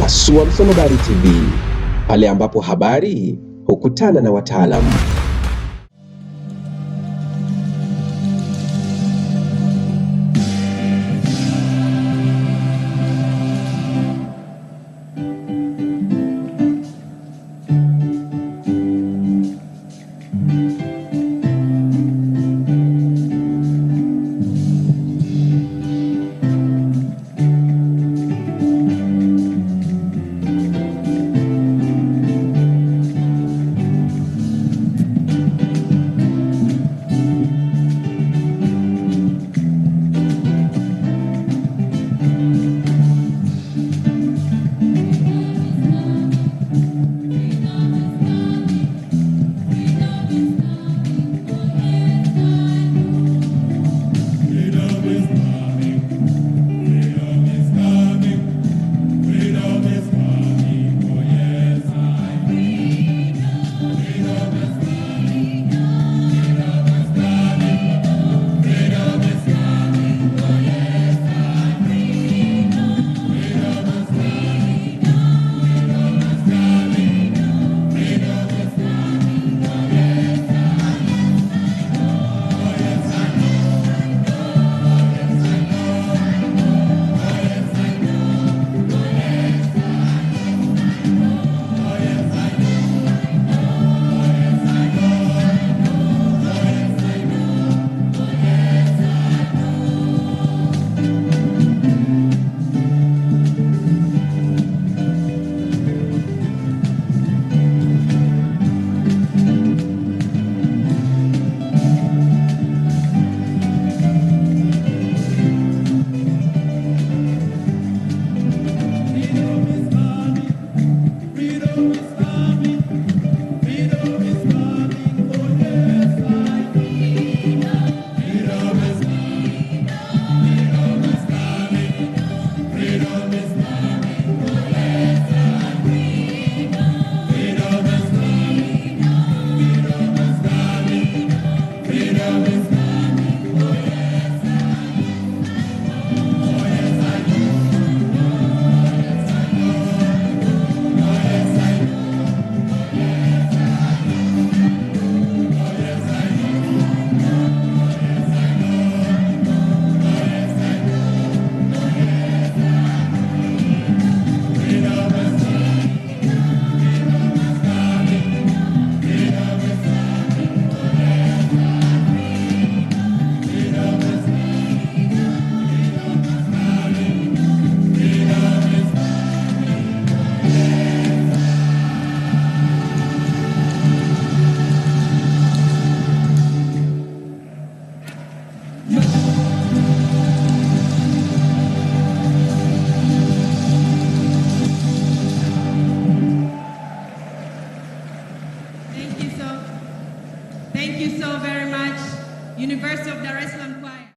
Pasua Msonobari TV, pale ambapo habari hukutana na wataalamu. you so very much. University of Dar es Salaam Choir.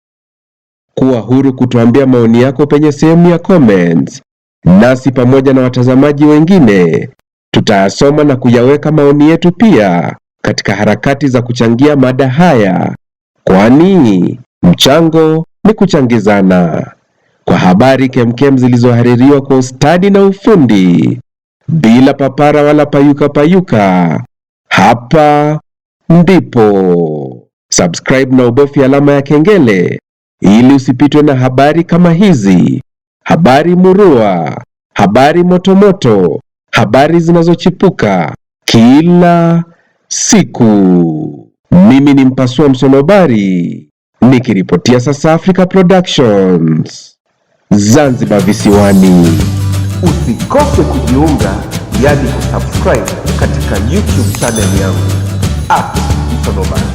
Kuwa huru kutuambia maoni yako penye sehemu ya comments, nasi pamoja na watazamaji wengine tutayasoma na kuyaweka maoni yetu pia katika harakati za kuchangia mada haya, kwani mchango ni kuchangizana. Kwa habari kemkem zilizohaririwa kwa ustadi na ufundi bila papara wala payuka payuka, hapa ndipo subscribe na ubofya alama ya kengele ili usipitwe na habari kama hizi: habari murua, habari motomoto, habari zinazochipuka kila siku. Mimi ni mpasua msonobari nikiripotia sasa Africa Productions Zanzibar visiwani. Usikose kujiunga, yani kusubscribe katika YouTube channel yangu. 很多吧。